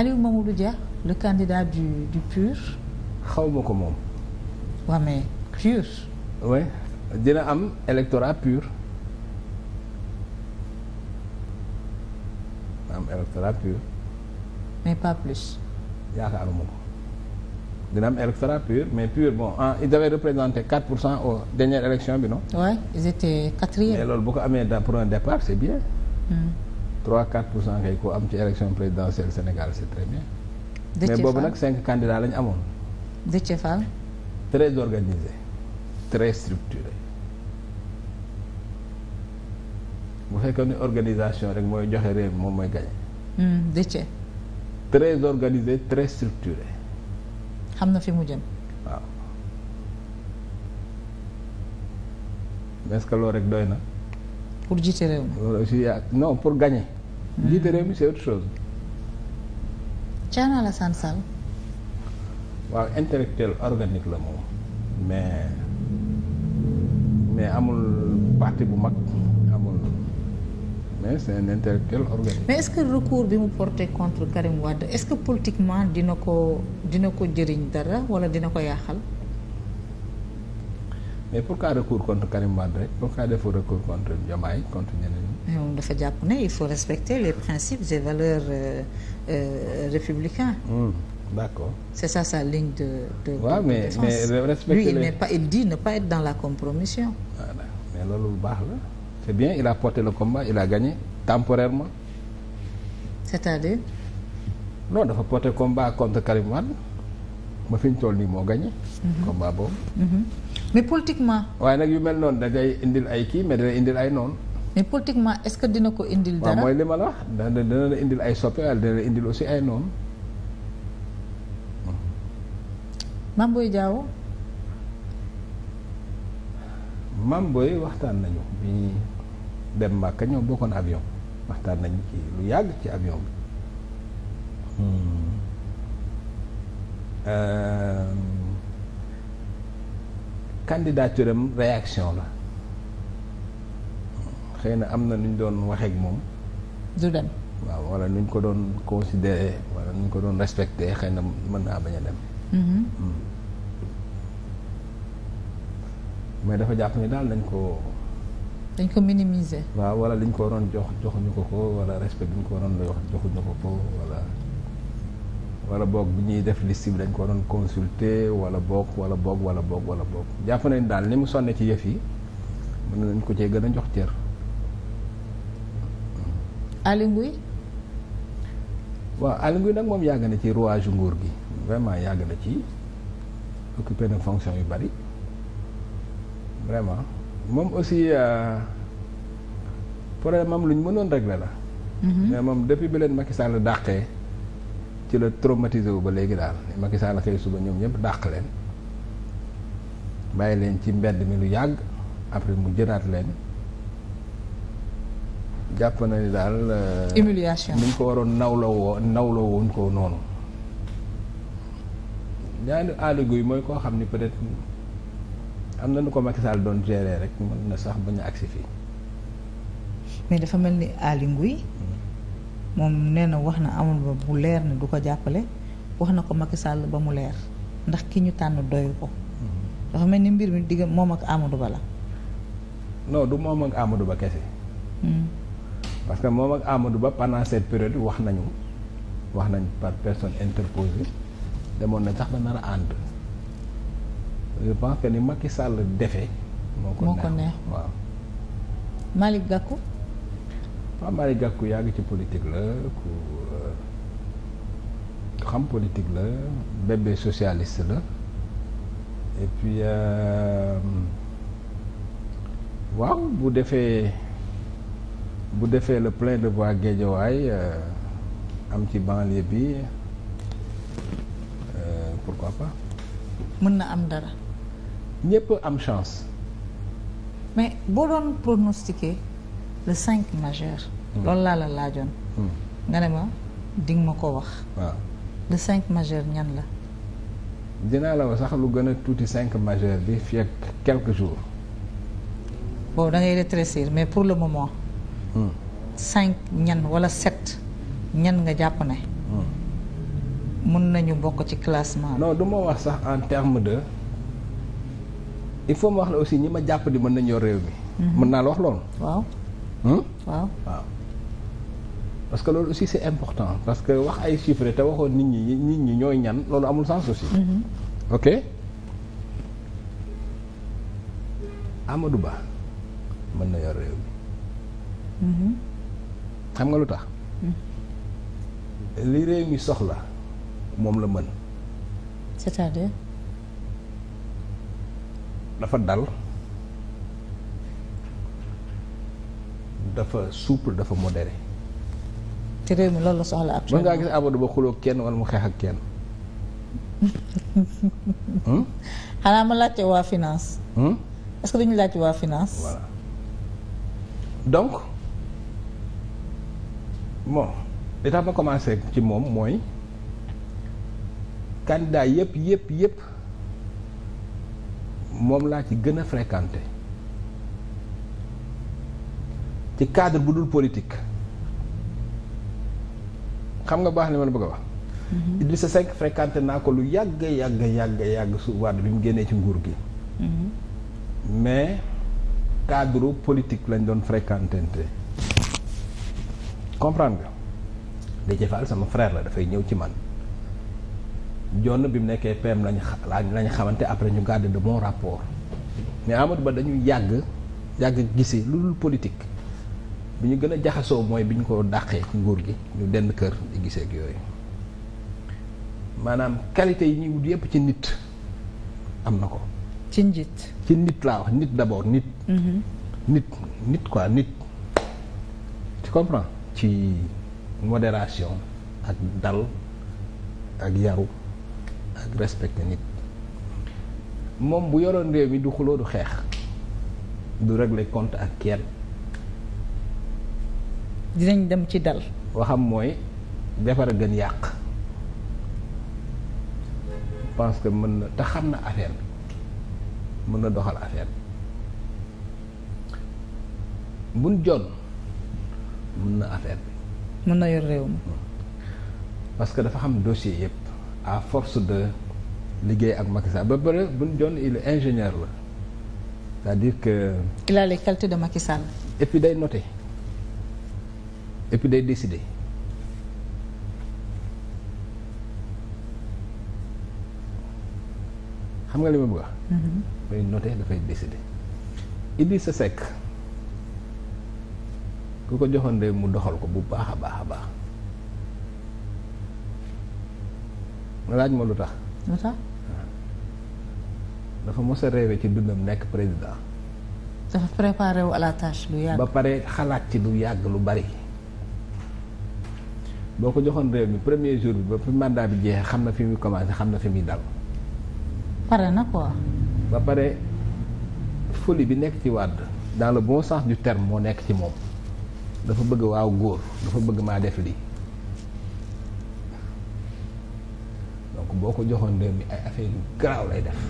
Aliou Mamadou Dia le candidat du PUR. xaw ma ko moom. waaw mais PUR. oui dina am électorat PUR. am électorat PUR. mais pas plus. yaakaaruma ko dina am électorat PUR mais PUR bon ah ils avaient représenté pour cent aux dernières élections bi non. oui ils étaient quatrième. mais loolu bu ko amee pour un départ c'est bien. Hmm. 3 4 pour cent kay ko am ci élection présidentielle Sénégal c' est très bien. mais boobu nag cinq candidats lañu amoon. Déthié Fall. très organisé très structuré bu fekkee ni organisation rek mooy joxe réew moom mooy gañe. Hmm, Déthié. très organisé très structuré. xam na fi mu jëm. waaw est que loolu rek doy na. pour jiite réew mi. loolu euh, aussi ah, non pour gagner. Hmm. jiite réew mi c'est autre chose. Thierno Alassane Sall. waaw intellectuel organique la moom mais mais amul parti bu mag amul mais c'est un intellectuel organique. mais est-ce que recours bi mu porté contre Karim Wade est-ce que politiquement dina ko dina ko jëriñ dara wala dina ko yàqal. mais pourquoi recours contre Karim Wade rek pourquoi defu recours contre Diomaye contre ñeneen moom dafa jàpp ne il faut respecter les principes et valeurs euh, euh, républicains mmh, d'accord c'est ça sa ligne de de, ouais, de, mais, de défense mais respecter lui il les... n'est pas il dit ne pas être dans la compromission voilà mais loolu bu baax la c'est bien il a porté le combat il a gagné temporairement c'est-à-dire non dafa porté combat contre Karim Wade ma fi ñu toll nii moo gagné mm-hmm. combat boobu mm-hmm. mais politiquement. waaye nag yu mel noonu da ngay indil ay kii mais dana indil ay noonu. mais politiquement est-ce que dina ko indil. dara mooy li dana dana indil ay soppe waaye dana ay noonu. Mame Boye Diao. waxtaan nañu bi dem Màkka ñoo bokkoon avion waxtaan nañu ci lu yàgg ci avion bi. Hmm. Euh, candidature am réaction la xëy na am na nu ñu doon waxeek moom. du waaw wala nu ko doon considérer wala nu ñu ko doon respecter xëy na mën naa bañ a dem. Mm-hmm. Hmm. mais dafa jàpp ni daal dañ ko dañ ko minimiser. waaw wala liñ ko waroon jox joxuñu ko ko wala respect bi ko waroon joxuñu ko ko wala. wala boog bi ñuy def liste bi dañ ko doon consulter wala boog wala boog wala boog wala boog jàpp nañ daal ni mu sonne ci yëf yi mën nañ ko cee gën a jox cër. Aly waaw Aly Ngouille nag moom yàgg na ci rouage nguur gi vraiment yàgg na ci occupé na fonction yu bari vraiment moom aussi euh, problème am lu ñu mënoon régler la. Mhm. mais moom depuis bi leen Macky Sall dàqee. ci la traumatisé wu ba léegi daal Macky Sall xëy suba ñoom ñëpp dàq leen bàyyi leen ci mbedd mi lu yàgg après mu jëlaat leen jàpp na ni daal. Euh, humiliation ni ñu ko waroon nawloo woo nawloo woon ko noonu. ñaari Aly guy mooy koo xam ni peut-être am na nu ko Macky doon gérer rek mën na sax bañ a agsi fii. mais dafa mel ni Aly Ngouille moom nee na wax na amul ba bu leer ne du ko jàppale wax na ko Macky sàll ba mu leer ndax ki ñu tànn doyu ko. Mhm. dafa mel ni mbir mi digg moom ak Amadou Ba la. non du moom ak Amadou Ba kese. Hmm. parce que moom ak Amadou Ba pendant cette période wax nañu wax nañ par personne interposée demoon na sax ba nar a ànd. je pense que ni Macky Sall defee. moo ko neex waaw. Malick Gakou. Pape Malick Gakou yàgg ci politique la ku euh, xam politique la bébé socialiste la et puis euh, waaw bu defee bu defee le plein de voix Guédiawaye euh, am ci banlieue bi pourquoi pas. mën na am dara. ñëpp am chance. mais boo doon pronostiquer. le cinq majeur hmm. loolu laa la laajoon hmm. nga ne ma di ma ko wax waaw le cinq majeur ñan la dinaa la wax sax lu gën a tuuti cinq majeur bi fii ak quelques jours boobu da ngay mais pour le moment hmm. cinq ñan wala sept ñan nga jàpp ne mën nañu bokk ci classement non du ma wax sax en terme de il faut ma wax la aussi ñi ma jàpp di mën nañu yor réew mi mën naa la wax loolu waaw waaw waaw parce que loolu aussi c'est important parce que wax ay chiffres te waxoon nit ñi nit ñi ñooy ñan loolu amul sens aussi mm-hmm. ok Amadou Ba mën na yor réew mi mm-hmm. xam nga lu tax mm-hmm. li réew mi soxla moom la mën c'est-à-dire dafa dal dafa souple dafa modéré. te réew mi loolu la soxla ak. mën ngaa gis Amadou Ba xuloo kenn wala mu xeex ak kenn. Hmm? xanaa ma laajte waa finance. Hmm? est-ce dañu laajte waa finance. donc bon li tax ma commencé ci moom mooy candidat yëpp yëpp yëpp moom laa ci gën a fréquenté. ci cadre bu dul politik xam nga baax li ma la bëgg a wax. Mhm. sa Seck fréquenté naa ko lu yàgg yàgg yàgg yàgg su Wade bi mu génnee ci nguur gi. Mhm. mais cadre politik lañ doon fréquenté comprendre nga. Déthié Fall sama frère la dafay ñëw ci man. jonn bi mu nekkee PM lañ lañ xamante après ñu gàdd de moo rapports mais Amadou Ba dañu yàgg yàgg gisee lu dul politique. bi ñu gën a jaxasoo mooy bi ñu ko dàqee ci nguur gi ñu denn kër di yooyu maanaam qualité yi ñuy wut yëpp ci nit am na ko. ci njiit ci nit laa wax nit d'abord nit. Mm-hmm. nit nit quoi nit. tu comprends ci modération ak dal ak yaru ak respecter nit moom bu yoroon réew mi du xuloo du xeex du régler compte ak kenn. dinañ dem ci dal waxam mooy defar a gën yàq pense que mën na te xam na affaire bi mën na doxal affaire bi buñ jon mën na affaire bi mën na yor réew mi parce que dafa xam dossier yëpp à force de liggéey ak Macky ba bëre buñ jon il est ingénieur la c'est-à-dire que il a les qualités de Macky et puis day noté et puis day décider xam nga li ma bëgg wax day mm-hmm. noter dafay décider Idrissa Seck ku ko joxoon de mu doxal ko bu baax a baax a baax laaj ma lu tax ah. dafa mos a réewe ci dundam nekk président dafa préparé wu à la tâche lu ba pare xalaat ci lu yàgg lu bari boo ko joxoon réew mi premier jour bi ba fi mandat bi jeexee xam na fi muy commencé xam na fi muy dal. pare na quoi. ba pare foli bi nekk ci Wade dans le bon sens du terme moo nekk ci moom dafa bëgg waaw góor dafa bëgg maa def lii donc boo ko joxoon réew mi ay affaire yu garaaw lay def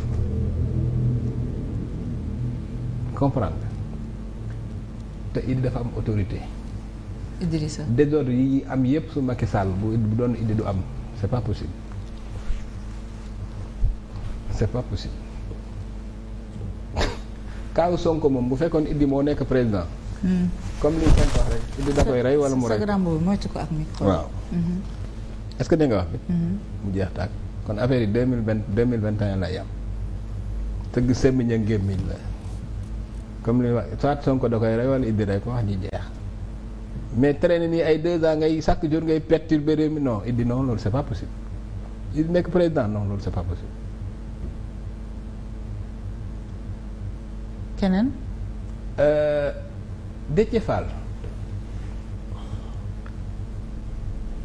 comprendre te il dafa am autorité. Idrissa désordre yi am yëpp su Macky Sall bu doon idée du am c'est pas possible c'est pas possible kaaw Sonko moom bu fekkoon Iddi moo nekk président. Hmm. comme li Sën wax ko ak micro. waaw hmm. est que dégg bi. Hmm. mu jeex tàkk kon affaire yi deux mille vingt deux mille vingt et un lay am tëgg semmiñ ak gémmiñ la comme li wax soit Sonko da koy rey wala Iddi ko wax ji jeex. mais traîner nii ay deux ans ngay chaque jour ngay perturber réew mi non il non loolu c'est pas possible il nekk président non loolu c'est pas possible. keneen. Euh, Déthié Fall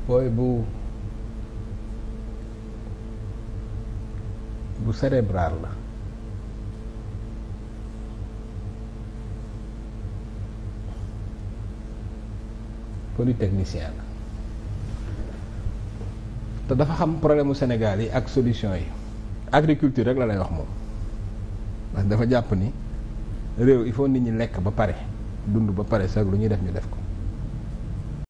bu bu cérébral la. polytechnicien la te dafa xam problème mu Sénégal yi ak solution yi agriculture rek la lay wax moom ndax dafa jàpp ni réew il faut nit ñi lekk ba pare dund ba pare sax lu ñuy def ñu def ko